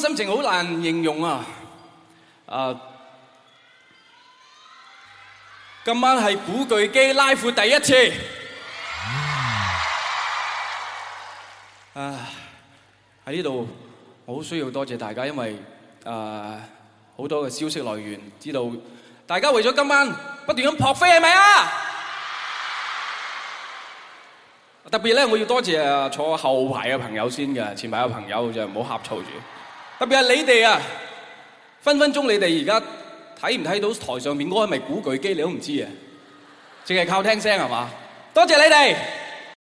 心情好難形容啊！啊，今晚係古巨基拉闊第一次。啊，喺呢度我好需要多謝大家，因為啊，好多嘅消息來源知道大家為咗今晚不斷咁撲飛係咪啊？特別呢，我要多謝坐後排嘅朋友先嘅，前排嘅朋友就唔好呷醋住。特別係你哋啊，分分鐘你哋而家睇唔睇到台上面嗰個係咪古巨基，你都唔知啊，淨係靠聽聲係嘛？多謝你哋。